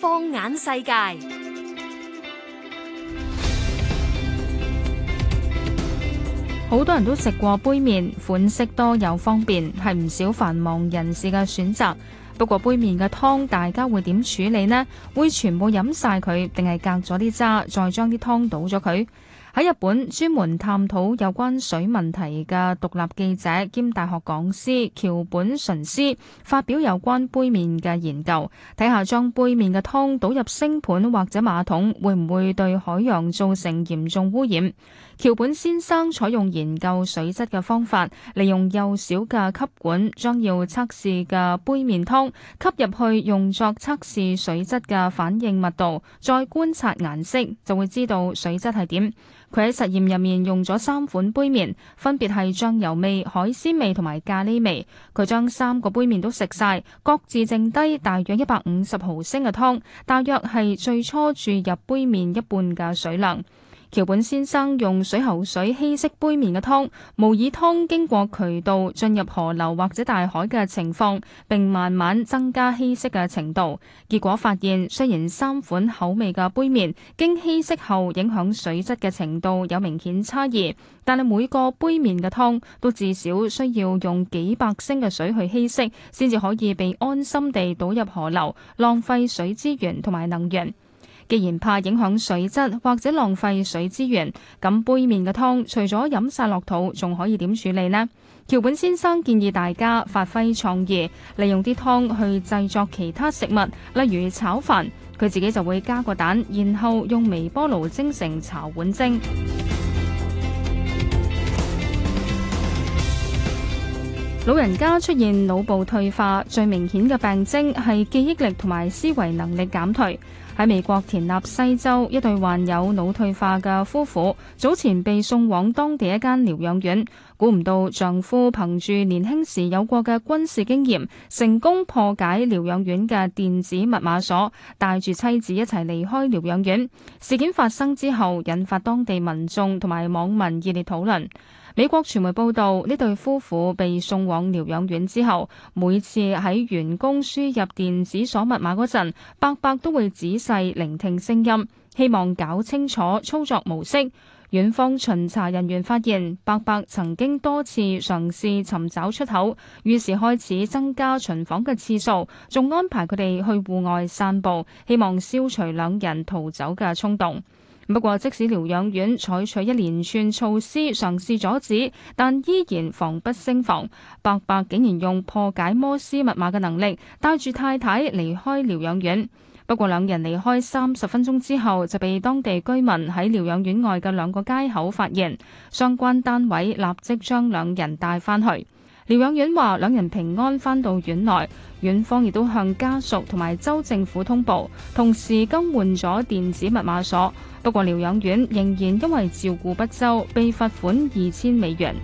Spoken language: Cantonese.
放眼世界，好多人都食過杯麵，款式多又方便，係唔少繁忙人士嘅選擇。不過杯麵嘅湯，大家會點處理呢？會全部飲晒佢，定係隔咗啲渣，再將啲湯倒咗佢？喺日本，專門探討有關水問題嘅獨立記者兼大學講師橋本淳司發表有關杯麵嘅研究，睇下將杯麵嘅湯倒入星盆或者馬桶會唔會對海洋造成嚴重污染。橋本先生採用研究水質嘅方法，利用幼小嘅吸管將要測試嘅杯麵湯吸入去，用作測試水質嘅反應密度，再觀察顏色，就會知道水質係點。佢喺實驗入面用咗三款杯麵，分別係醬油味、海鮮味同埋咖喱味。佢將三個杯麵都食晒，各自剩低大約一百五十毫升嘅湯，大約係最初注入杯麵一半嘅水量。橋本先生用水喉水稀釋杯麵嘅湯，模擬湯經過渠道進入河流或者大海嘅情況，並慢慢增加稀釋嘅程度。結果發現，雖然三款口味嘅杯麵經稀釋後影響水質嘅程度有明顯差異，但係每個杯麵嘅湯都至少需要用幾百升嘅水去稀釋，先至可以被安心地倒入河流，浪費水資源同埋能源。既然怕影響水質或者浪費水資源，咁杯麵嘅湯除咗飲晒落肚，仲可以點處理呢？橋本先生建議大家發揮創意，利用啲湯去製作其他食物，例如炒飯。佢自己就會加個蛋，然後用微波爐蒸成茶碗蒸。老人家出現腦部退化，最明顯嘅病徵係記憶力同埋思維能力減退。喺美國田納西州，一對患有腦退化嘅夫婦，早前被送往當地一間療養院。估唔到丈夫憑住年輕時有過嘅軍事經驗，成功破解療養院嘅電子密碼鎖，帶住妻子一齊離開療養院。事件發生之後，引發當地民眾同埋網民熱烈討論。美國傳媒報導，呢對夫婦被送往療養院之後，每次喺員工輸入電子鎖密碼嗰陣，伯伯都會仔細聆聽聲音，希望搞清楚操作模式。院方巡查人員發現伯伯曾經多次嘗試尋找出口，於是開始增加巡訪嘅次數，仲安排佢哋去戶外散步，希望消除兩人逃走嘅衝動。不過，即使療養院採取一連串措施嘗試阻止，但依然防不勝防。伯伯竟然用破解摩斯密碼嘅能力帶住太太離開療養院。不過，兩人離開三十分鐘之後，就被當地居民喺療養院外嘅兩個街口發現，相關單位立即將兩人帶返去。療養院話兩人平安返到院內，院方亦都向家屬同埋州政府通報，同時更換咗電子密碼鎖。不過療養院仍然因為照顧不周，被罰款二千美元。